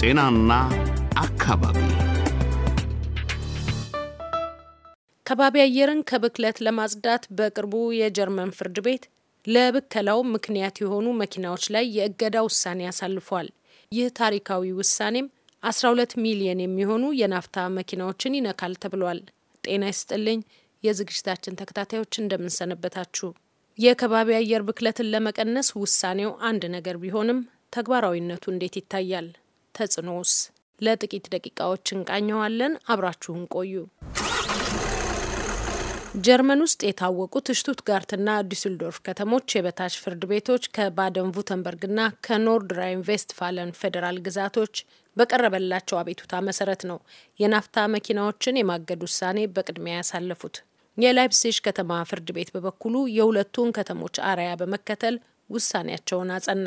ጤናና አካባቢ ከባቢ አየርን ከብክለት ለማጽዳት በቅርቡ የጀርመን ፍርድ ቤት ለብከላው ምክንያት የሆኑ መኪናዎች ላይ የእገዳ ውሳኔ አሳልፏል። ይህ ታሪካዊ ውሳኔም 12 ሚሊየን የሚሆኑ የናፍታ መኪናዎችን ይነካል ተብሏል። ጤና ይስጥልኝ የዝግጅታችን ተከታታዮች እንደምንሰነበታችሁ። የከባቢ አየር ብክለትን ለመቀነስ ውሳኔው አንድ ነገር ቢሆንም ተግባራዊነቱ እንዴት ይታያል? ተጽዕኖውስ? ለጥቂት ደቂቃዎች እንቃኘዋለን። አብራችሁን ቆዩ። ጀርመን ውስጥ የታወቁት ሽቱትጋርትና ዲስልዶርፍ ከተሞች የበታች ፍርድ ቤቶች ከባደን ቡተንበርግና ከኖርድ ራይን ቬስትፋለን ፌዴራል ግዛቶች በቀረበላቸው አቤቱታ መሰረት ነው የናፍታ መኪናዎችን የማገድ ውሳኔ በቅድሚያ ያሳለፉት። የላይፕሲሽ ከተማ ፍርድ ቤት በበኩሉ የሁለቱን ከተሞች አርአያ በመከተል ውሳኔያቸውን አጸና።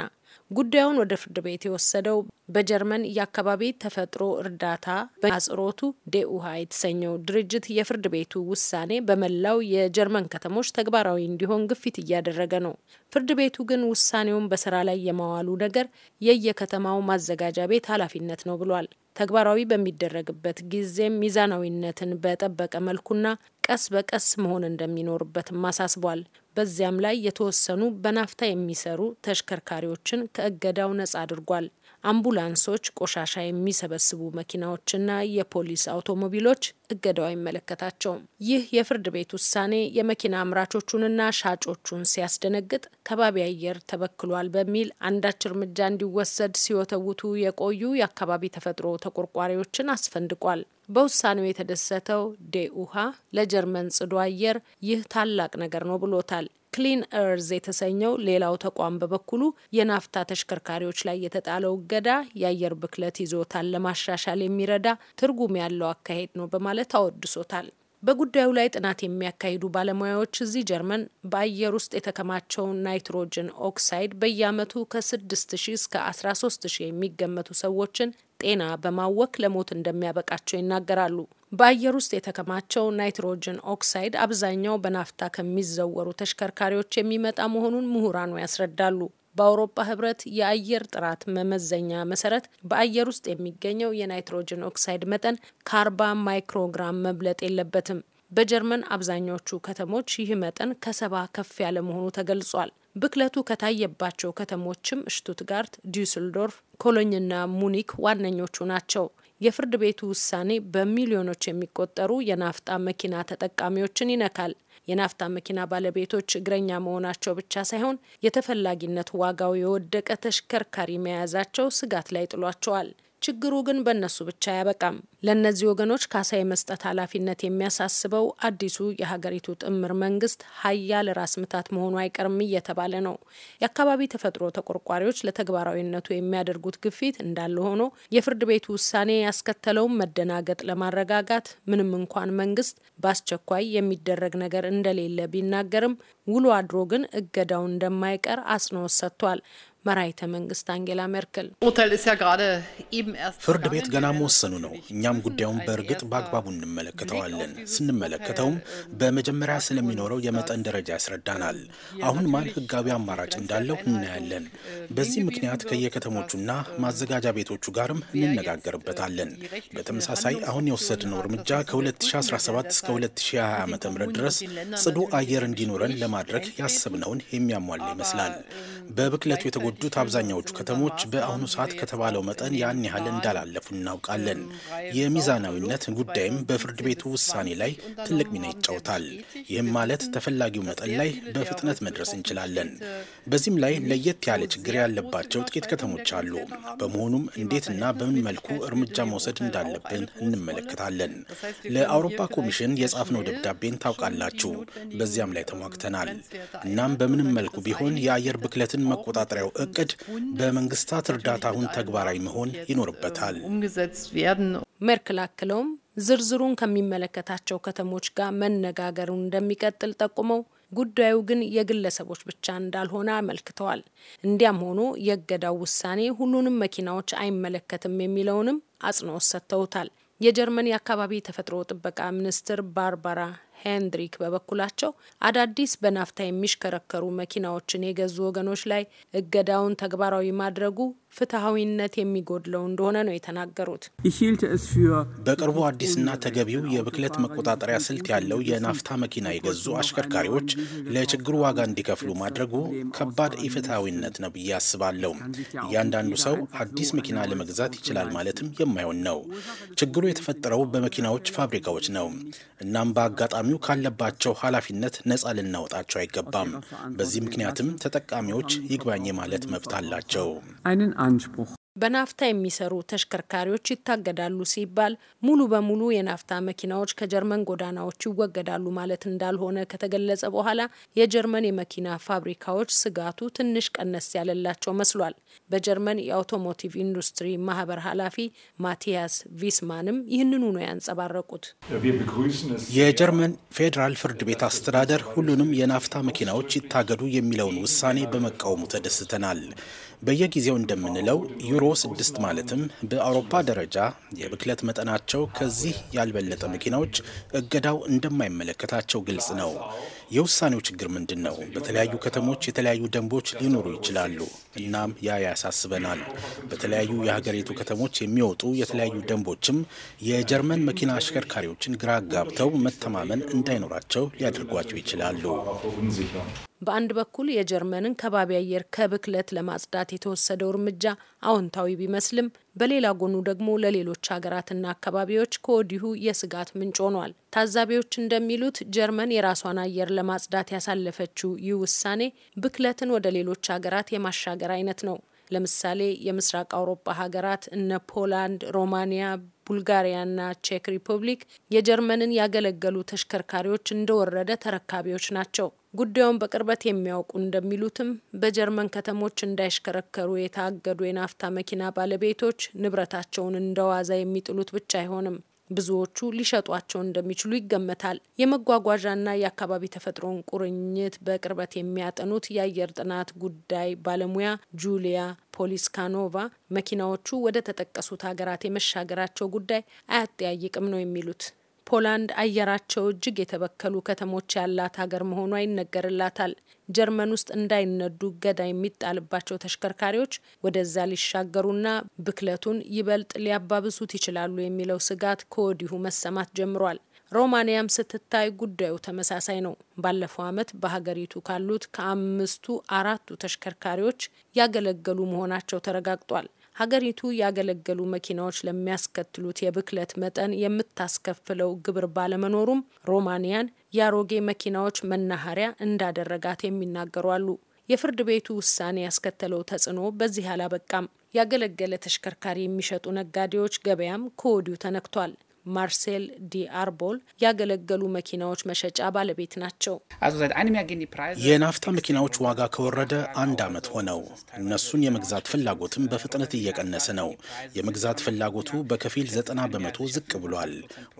ጉዳዩን ወደ ፍርድ ቤት የወሰደው በጀርመን የአካባቢ ተፈጥሮ እርዳታ በአጽሮቱ ዴኡሃ የተሰኘው ድርጅት የፍርድ ቤቱ ውሳኔ በመላው የጀርመን ከተሞች ተግባራዊ እንዲሆን ግፊት እያደረገ ነው። ፍርድ ቤቱ ግን ውሳኔውን በስራ ላይ የማዋሉ ነገር የየከተማው ማዘጋጃ ቤት ኃላፊነት ነው ብሏል። ተግባራዊ በሚደረግበት ጊዜም ሚዛናዊነትን በጠበቀ መልኩና ቀስ በቀስ መሆን እንደሚኖርበትም አሳስቧል። በዚያም ላይ የተወሰኑ በናፍታ የሚሰሩ ተሽከርካሪዎችን ከእገዳው ነጻ አድርጓል። አምቡላንሶች፣ ቆሻሻ የሚሰበስቡ መኪናዎችና የፖሊስ አውቶሞቢሎች እገዳው አይመለከታቸውም። ይህ የፍርድ ቤት ውሳኔ የመኪና አምራቾቹንና ሻጮቹን ሲያስደነግጥ ከባቢ አየር ተበክሏል በሚል አንዳች እርምጃ እንዲወሰድ ሲወተውቱ የቆዩ የአካባቢ ተፈጥሮ ተቆርቋሪዎችን አስፈንድቋል። በውሳኔው የተደሰተው ዴኡሃ ለጀርመን ጽዱ አየር ይህ ታላቅ ነገር ነው ብሎታል። ክሊን እርዝ የተሰኘው ሌላው ተቋም በበኩሉ የናፍታ ተሽከርካሪዎች ላይ የተጣለው እገዳ የአየር ብክለት ይዞታን ለማሻሻል የሚረዳ ትርጉም ያለው አካሄድ ነው በማለት አወድሶታል። በጉዳዩ ላይ ጥናት የሚያካሂዱ ባለሙያዎች እዚህ ጀርመን በአየር ውስጥ የተከማቸውን ናይትሮጅን ኦክሳይድ በየዓመቱ ከ6000 እስከ 13000 የሚገመቱ ሰዎችን ጤና በማወክ ለሞት እንደሚያበቃቸው ይናገራሉ። በአየር ውስጥ የተከማቸው ናይትሮጅን ኦክሳይድ አብዛኛው በናፍታ ከሚዘወሩ ተሽከርካሪዎች የሚመጣ መሆኑን ምሁራኑ ያስረዳሉ። በአውሮፓ ህብረት የአየር ጥራት መመዘኛ መሰረት በአየር ውስጥ የሚገኘው የናይትሮጅን ኦክሳይድ መጠን ከአርባ ማይክሮግራም መብለጥ የለበትም። በጀርመን አብዛኞቹ ከተሞች ይህ መጠን ከሰባ ከፍ ያለ መሆኑ ተገልጿል። ብክለቱ ከታየባቸው ከተሞችም ሽቱትጋርት፣ ዲዩስልዶርፍ፣ ኮሎኝና ሙኒክ ዋነኞቹ ናቸው። የፍርድ ቤቱ ውሳኔ በሚሊዮኖች የሚቆጠሩ የናፍጣ መኪና ተጠቃሚዎችን ይነካል። የናፍጣ መኪና ባለቤቶች እግረኛ መሆናቸው ብቻ ሳይሆን የተፈላጊነት ዋጋው የወደቀ ተሽከርካሪ መያዛቸው ስጋት ላይ ጥሏቸዋል። ችግሩ ግን በእነሱ ብቻ አያበቃም። ለእነዚህ ወገኖች ካሳ የመስጠት ኃላፊነት የሚያሳስበው አዲሱ የሀገሪቱ ጥምር መንግስት ሀያል ራስ ምታት መሆኑ አይቀርም እየተባለ ነው። የአካባቢ ተፈጥሮ ተቆርቋሪዎች ለተግባራዊነቱ የሚያደርጉት ግፊት እንዳለ ሆኖ የፍርድ ቤቱ ውሳኔ ያስከተለውን መደናገጥ ለማረጋጋት ምንም እንኳን መንግስት በአስቸኳይ የሚደረግ ነገር እንደሌለ ቢናገርም ውሎ አድሮ ግን እገዳው እንደማይቀር አጽንኦት ሰጥቷል። መራይተ መንግስት አንጌላ ሜርክል ፍርድ ቤት ገና መወሰኑ ነው። እኛም ጉዳዩን በእርግጥ በአግባቡ እንመለከተዋለን። ስንመለከተውም በመጀመሪያ ስለሚኖረው የመጠን ደረጃ ያስረዳናል። አሁን ማን ህጋዊ አማራጭ እንዳለው እናያለን። በዚህ ምክንያት ከየከተሞቹና ማዘጋጃ ቤቶቹ ጋርም እንነጋገርበታለን። በተመሳሳይ አሁን የወሰድነው እርምጃ ከ2017 እስከ 2020 ዓ ም ድረስ ጽዱ አየር እንዲኖረን ለማድረግ ያሰብነውን የሚያሟላ ይመስላል። በብክለቱ የሚጎዱት አብዛኛዎቹ ከተሞች በአሁኑ ሰዓት ከተባለው መጠን ያን ያህል እንዳላለፉ እናውቃለን። የሚዛናዊነት ጉዳይም በፍርድ ቤቱ ውሳኔ ላይ ትልቅ ሚና ይጫወታል። ይህም ማለት ተፈላጊው መጠን ላይ በፍጥነት መድረስ እንችላለን። በዚህም ላይ ለየት ያለ ችግር ያለባቸው ጥቂት ከተሞች አሉ። በመሆኑም እንዴትና በምን መልኩ እርምጃ መውሰድ እንዳለብን እንመለከታለን። ለአውሮፓ ኮሚሽን የጻፍነው ደብዳቤን ታውቃላችሁ። በዚያም ላይ ተሟግተናል። እናም በምንም መልኩ ቢሆን የአየር ብክለትን መቆጣጠሪያው እቅድ በመንግስታት እርዳታ አሁን ተግባራዊ መሆን ይኖርበታል። ሜርክል አክለውም ዝርዝሩን ከሚመለከታቸው ከተሞች ጋር መነጋገሩን እንደሚቀጥል ጠቁመው ጉዳዩ ግን የግለሰቦች ብቻ እንዳልሆነ አመልክተዋል። እንዲያም ሆኖ የእገዳው ውሳኔ ሁሉንም መኪናዎች አይመለከትም የሚለውንም አጽንኦት ሰጥተውታል። የጀርመን የአካባቢ ተፈጥሮ ጥበቃ ሚኒስትር ባርባራ ሄንድሪክ በበኩላቸው አዳዲስ በናፍታ የሚሽከረከሩ መኪናዎችን የገዙ ወገኖች ላይ እገዳውን ተግባራዊ ማድረጉ ፍትሐዊነት የሚጎድለው እንደሆነ ነው የተናገሩት። በቅርቡ አዲስና ተገቢው የብክለት መቆጣጠሪያ ስልት ያለው የናፍታ መኪና የገዙ አሽከርካሪዎች ለችግሩ ዋጋ እንዲከፍሉ ማድረጉ ከባድ ኢፍትሐዊነት ነው ብዬ አስባለሁ። እያንዳንዱ ሰው አዲስ መኪና ለመግዛት ይችላል ማለትም የማይሆን ነው። ችግሩ የተፈጠረው በመኪናዎች ፋብሪካዎች ነው። እናም በአጋጣሚው ካለባቸው ኃላፊነት ነፃ ልናወጣቸው አይገባም። በዚህ ምክንያትም ተጠቃሚዎች ይግባኝ ማለት መብት አላቸው። Anspruch. በናፍታ የሚሰሩ ተሽከርካሪዎች ይታገዳሉ ሲባል ሙሉ በሙሉ የናፍታ መኪናዎች ከጀርመን ጎዳናዎች ይወገዳሉ ማለት እንዳልሆነ ከተገለጸ በኋላ የጀርመን የመኪና ፋብሪካዎች ስጋቱ ትንሽ ቀነስ ያለላቸው መስሏል። በጀርመን የአውቶሞቲቭ ኢንዱስትሪ ማህበር ኃላፊ ማቲያስ ቪስማንም ይህንኑ ነው ያንጸባረቁት። የጀርመን ፌዴራል ፍርድ ቤት አስተዳደር ሁሉንም የናፍታ መኪናዎች ይታገዱ የሚለውን ውሳኔ በመቃወሙ ተደስተናል። በየጊዜው እንደምንለው ዩሮ ስድስት ማለትም በአውሮፓ ደረጃ የብክለት መጠናቸው ከዚህ ያልበለጠ መኪናዎች እገዳው እንደማይመለከታቸው ግልጽ ነው። የውሳኔው ችግር ምንድን ነው? በተለያዩ ከተሞች የተለያዩ ደንቦች ሊኖሩ ይችላሉ። እናም ያ ያሳስበናል። በተለያዩ የሀገሪቱ ከተሞች የሚወጡ የተለያዩ ደንቦችም የጀርመን መኪና አሽከርካሪዎችን ግራ ጋብተው መተማመን እንዳይኖራቸው ሊያደርጓቸው ይችላሉ። በአንድ በኩል የጀርመንን ከባቢ አየር ከብክለት ለማጽዳት የተወሰደው እርምጃ አዎንታዊ ቢመስልም በሌላ ጎኑ ደግሞ ለሌሎች ሀገራትና አካባቢዎች ከወዲሁ የስጋት ምንጭ ሆኗል። ታዛቢዎች እንደሚሉት ጀርመን የራሷን አየር ለማጽዳት ያሳለፈችው ይህ ውሳኔ ብክለትን ወደ ሌሎች ሀገራት የማሻገር አይነት ነው። ለምሳሌ የምስራቅ አውሮፓ ሀገራት እነ ፖላንድ፣ ሮማኒያ፣ ቡልጋሪያና ቼክ ሪፐብሊክ የጀርመንን ያገለገሉ ተሽከርካሪዎች እንደወረደ ተረካቢዎች ናቸው። ጉዳዩን በቅርበት የሚያውቁ እንደሚሉትም በጀርመን ከተሞች እንዳይሽከረከሩ የታገዱ የናፍታ መኪና ባለቤቶች ንብረታቸውን እንደዋዛ የሚጥሉት ብቻ አይሆንም። ብዙዎቹ ሊሸጧቸው እንደሚችሉ ይገመታል። የመጓጓዣና የአካባቢ ተፈጥሮን ቁርኝት በቅርበት የሚያጠኑት የአየር ጥናት ጉዳይ ባለሙያ ጁሊያ ፖሊስካኖቫ መኪናዎቹ ወደ ተጠቀሱት ሀገራት የመሻገራቸው ጉዳይ አያጠያይቅም ነው የሚሉት። ፖላንድ አየራቸው እጅግ የተበከሉ ከተሞች ያላት ሀገር መሆኗ ይነገርላታል። ጀርመን ውስጥ እንዳይነዱ እገዳ የሚጣልባቸው ተሽከርካሪዎች ወደዛ ሊሻገሩና ብክለቱን ይበልጥ ሊያባብሱት ይችላሉ የሚለው ስጋት ከወዲሁ መሰማት ጀምሯል። ሮማንያም ስትታይ ጉዳዩ ተመሳሳይ ነው። ባለፈው ዓመት በሀገሪቱ ካሉት ከአምስቱ አራቱ ተሽከርካሪዎች ያገለገሉ መሆናቸው ተረጋግጧል። ሀገሪቱ ያገለገሉ መኪናዎች ለሚያስከትሉት የብክለት መጠን የምታስከፍለው ግብር ባለመኖሩም ሮማኒያን የአሮጌ መኪናዎች መናኸሪያ እንዳደረጋት የሚናገሩ አሉ። የፍርድ ቤቱ ውሳኔ ያስከተለው ተጽዕኖ በዚህ አላበቃም። ያገለገለ ተሽከርካሪ የሚሸጡ ነጋዴዎች ገበያም ከወዲሁ ተነክቷል። ማርሴል ዲ አርቦል ያገለገሉ መኪናዎች መሸጫ ባለቤት ናቸው። የናፍታ መኪናዎች ዋጋ ከወረደ አንድ ዓመት ሆነው፣ እነሱን የመግዛት ፍላጎትም በፍጥነት እየቀነሰ ነው። የመግዛት ፍላጎቱ በከፊል 90 በመቶ ዝቅ ብሏል።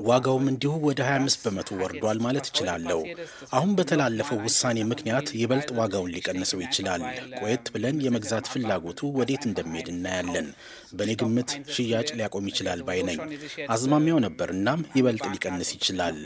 ዋጋውም እንዲሁ ወደ 25 በመቶ ወርዷል ማለት እችላለሁ። አሁን በተላለፈው ውሳኔ ምክንያት ይበልጥ ዋጋውን ሊቀንሰው ይችላል። ቆየት ብለን የመግዛት ፍላጎቱ ወዴት እንደሚሄድ እናያለን። በእኔ ግምት ሽያጭ ሊያቆም ይችላል ባይ ነኝ። አዝማሚያው ነበር። እናም ይበልጥ ሊቀንስ ይችላል።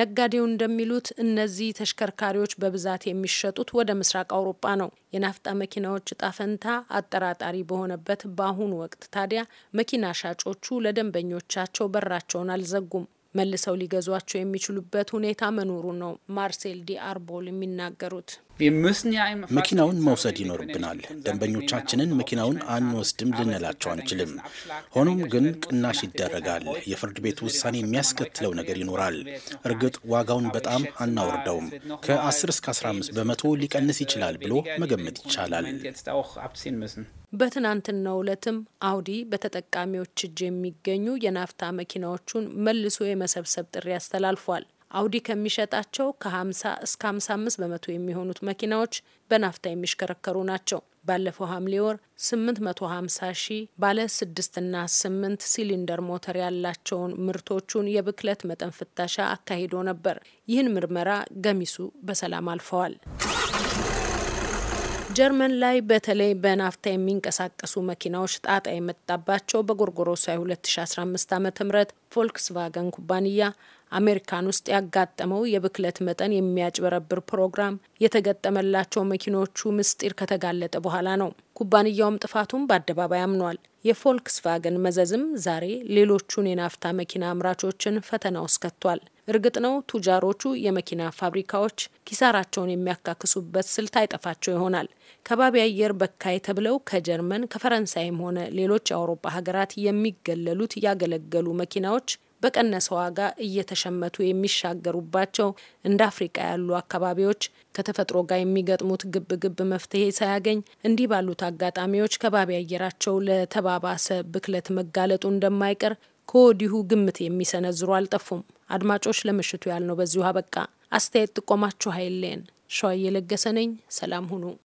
ነጋዴው እንደሚሉት እነዚህ ተሽከርካሪዎች በብዛት የሚሸጡት ወደ ምስራቅ አውሮፓ ነው። የናፍጣ መኪናዎች እጣ ፈንታ አጠራጣሪ በሆነበት በአሁኑ ወቅት ታዲያ መኪና ሻጮቹ ለደንበኞቻቸው በራቸውን አልዘጉም። መልሰው ሊገዟቸው የሚችሉበት ሁኔታ መኖሩ ነው ማርሴል ዲ አርቦል የሚናገሩት። መኪናውን መውሰድ ይኖርብናል። ደንበኞቻችንን መኪናውን አንወስድም ልንላቸው አንችልም። ሆኖም ግን ቅናሽ ይደረጋል። የፍርድ ቤት ውሳኔ የሚያስከትለው ነገር ይኖራል። እርግጥ ዋጋውን በጣም አናወርደውም። ከ10 እስከ 15 በመቶ ሊቀንስ ይችላል ብሎ መገመት ይቻላል። በትናንትናው ዕለትም አውዲ በተጠቃሚዎች እጅ የሚገኙ የናፍታ መኪናዎቹን መልሶ የመሰብሰብ ጥሪ አስተላልፏል። አውዲ ከሚሸጣቸው ከ50 እስከ 55 በመቶ የሚሆኑት መኪናዎች በናፍታ የሚሽከረከሩ ናቸው። ባለፈው ሐምሌ ወር 850 ሺህ ባለ 6 ና 8 ሲሊንደር ሞተር ያላቸውን ምርቶቹን የብክለት መጠን ፍተሻ አካሂዶ ነበር። ይህን ምርመራ ገሚሱ በሰላም አልፈዋል። ጀርመን ላይ በተለይ በናፍታ የሚንቀሳቀሱ መኪናዎች ጣጣ የመጣባቸው በጎርጎሮሳዊ 2015 ዓ ም ፎልክስቫገን ኩባንያ አሜሪካን ውስጥ ያጋጠመው የብክለት መጠን የሚያጭበረብር ፕሮግራም የተገጠመላቸው መኪኖቹ ምስጢር ከተጋለጠ በኋላ ነው። ኩባንያውም ጥፋቱን በአደባባይ አምኗል። የፎልክስቫገን መዘዝም ዛሬ ሌሎቹን የናፍታ መኪና አምራቾችን ፈተና ውስጥ ከቷል። እርግጥ ነው ቱጃሮቹ የመኪና ፋብሪካዎች ኪሳራቸውን የሚያካክሱበት ስልት አይጠፋቸው ይሆናል። ከባቢ አየር በካይ ተብለው ከጀርመን ከፈረንሳይም ሆነ ሌሎች የአውሮፓ ሀገራት የሚገለሉት ያገለገሉ መኪናዎች በቀነሰ ዋጋ እየተሸመቱ የሚሻገሩባቸው እንደ አፍሪቃ ያሉ አካባቢዎች ከተፈጥሮ ጋር የሚገጥሙት ግብ ግብ መፍትሄ ሳያገኝ እንዲህ ባሉት አጋጣሚዎች ከባቢ አየራቸው ለተባባሰ ብክለት መጋለጡ እንደማይቀር ከወዲሁ ግምት የሚሰነዝሩ አልጠፉም። አድማጮች፣ ለምሽቱ ያልነው በዚሁ አበቃ። አስተያየት ጥቆማችሁ ኃይሌን ሸዋ እየለገሰ ነኝ። ሰላም ሁኑ።